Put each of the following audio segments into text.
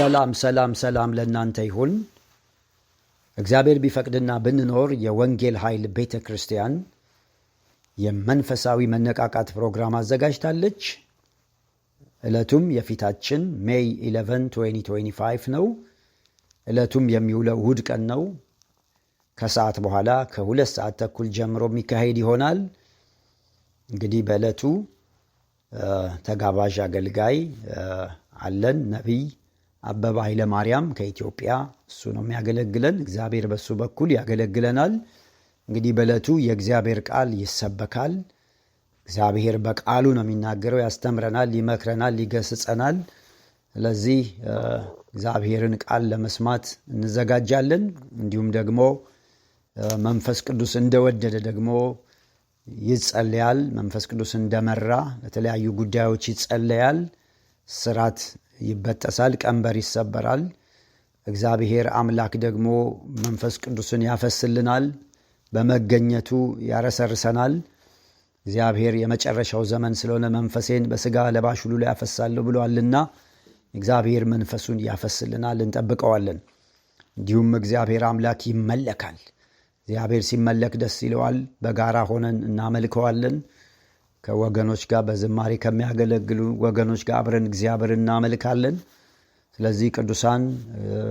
ሰላም ሰላም ሰላም ለእናንተ ይሁን። እግዚአብሔር ቢፈቅድና ብንኖር የወንጌል ኃይል ቤተ ክርስቲያን የመንፈሳዊ መነቃቃት ፕሮግራም አዘጋጅታለች። ዕለቱም የፊታችን ሜይ 11 2025 ነው። ዕለቱም የሚውለው እሁድ ቀን ነው። ከሰዓት በኋላ ከሁለት ሰዓት ተኩል ጀምሮ የሚካሄድ ይሆናል። እንግዲህ በዕለቱ ተጋባዥ አገልጋይ አለን ነቢይ አበበ ኃይለ ማርያም ከኢትዮጵያ እሱ ነው የሚያገለግለን። እግዚአብሔር በሱ በኩል ያገለግለናል። እንግዲህ በዕለቱ የእግዚአብሔር ቃል ይሰበካል። እግዚአብሔር በቃሉ ነው የሚናገረው። ያስተምረናል፣ ይመክረናል፣ ይገስጸናል። ስለዚህ እግዚአብሔርን ቃል ለመስማት እንዘጋጃለን። እንዲሁም ደግሞ መንፈስ ቅዱስ እንደወደደ ደግሞ ይጸለያል። መንፈስ ቅዱስ እንደመራ ለተለያዩ ጉዳዮች ይጸለያል። ስራት ይበጠሳል፣ ቀንበር ይሰበራል። እግዚአብሔር አምላክ ደግሞ መንፈስ ቅዱስን ያፈስልናል፣ በመገኘቱ ያረሰርሰናል። እግዚአብሔር የመጨረሻው ዘመን ስለሆነ መንፈሴን በስጋ ለባሽ ሁሉ ላይ ያፈሳለሁ ብሏልና እግዚአብሔር መንፈሱን ያፈስልናል፣ እንጠብቀዋለን። እንዲሁም እግዚአብሔር አምላክ ይመለካል። እግዚአብሔር ሲመለክ ደስ ይለዋል። በጋራ ሆነን እናመልከዋለን። ከወገኖች ጋር በዝማሬ ከሚያገለግሉ ወገኖች ጋር አብረን እግዚአብሔር እናመልካለን። ስለዚህ ቅዱሳን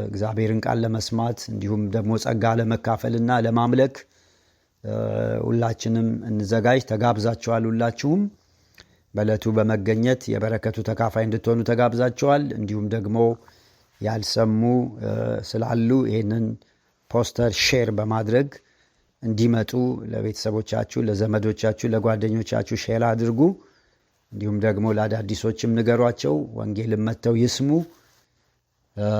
እግዚአብሔርን ቃል ለመስማት እንዲሁም ደግሞ ጸጋ ለመካፈልና ለማምለክ ሁላችንም እንዘጋጅ። ተጋብዛችኋል። ሁላችሁም በለቱ በመገኘት የበረከቱ ተካፋይ እንድትሆኑ ተጋብዛችኋል። እንዲሁም ደግሞ ያልሰሙ ስላሉ ይህንን ፖስተር ሼር በማድረግ እንዲመጡ ለቤተሰቦቻችሁ፣ ለዘመዶቻችሁ፣ ለጓደኞቻችሁ ሼር አድርጉ። እንዲሁም ደግሞ ለአዳዲሶችም ንገሯቸው። ወንጌልም መጥተው ይስሙ።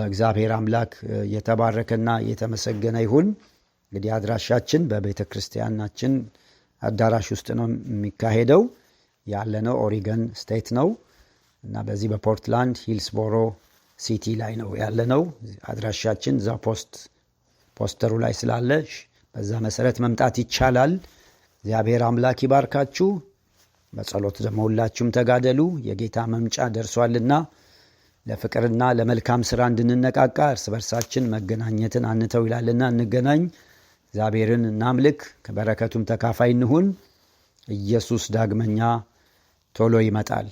እግዚአብሔር አምላክ የተባረከና የተመሰገነ ይሁን። እንግዲህ አድራሻችን በቤተ ክርስቲያናችን አዳራሽ ውስጥ ነው የሚካሄደው። ያለነው ኦሪገን ስቴት ነው እና በዚህ በፖርትላንድ ሂልስቦሮ ሲቲ ላይ ነው ያለነው። አድራሻችን እዛ ፖስት ፖስተሩ ላይ ስላለሽ በዛ መሰረት መምጣት ይቻላል። እግዚአብሔር አምላክ ይባርካችሁ። በጸሎት ደግሞ ሁላችሁም ተጋደሉ። የጌታ መምጫ ደርሷልና ለፍቅርና ለመልካም ስራ እንድንነቃቃ እርስ በርሳችን መገናኘትን አንተው ይላልና እንገናኝ። እግዚአብሔርን እናምልክ። ከበረከቱም ተካፋይ እንሁን። ኢየሱስ ዳግመኛ ቶሎ ይመጣል።